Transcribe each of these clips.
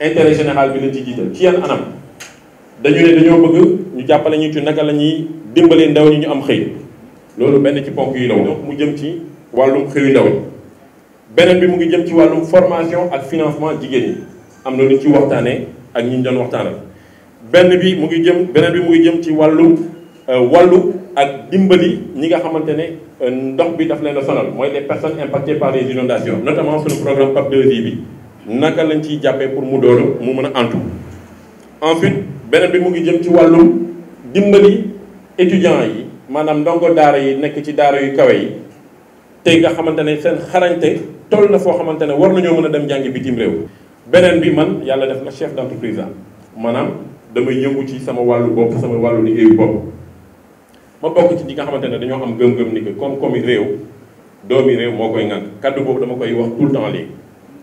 intérêt général bi la ci jiital ci yan anam dañu ne dañoo bëgg ñu jàppale ñu ci naka la ñuy dimbalee ndaw ñi ñu am xëy loolu benn ci ponk yu la woon mu jëm ci wàllum xëyu ndaw ñi beneen bi mu ngi jëm ci wàllum formation ak financement jigéen ñi am na lu ci waxtaanee ak ñu doon waxtaanal benn bi mu ngi jëm beneen bi mu ngi jëm ci wàllu euh, wàllu ak dimbali ñi nga xamante ne euh, ndox bi daf leen a sonal mooy les personnes impactées par les inondations notamment sur le programme PAP 2I bi naka lañ ciy jàppee pour mu doon mu mën a antu ensuite beneen bi mu ngi jëm ci wàllum dimbali étudiants yi maanaam ndongo daara yi nekk ci daara yu kawe yi tey nga xamante ne seen xarañte toll na foo xamante ne war nañoo mën a dem jàngi bitim réew beneen bi man yàlla def ma chef d'entreprise maanaam damay yëngu ci sama wàllu bopp sama wàllu liggéeyu bopp ma bokk ci ñi nga xamante ne dañoo am gëm-gëm ni que koom-koomi réew doomi réew moo koy ŋànk kàddu dama koy wax tout temps léegi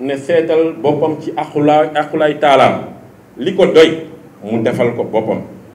ne seetal boppam ci axulaay axulaay taalaam li ko doy mu defal ko boppam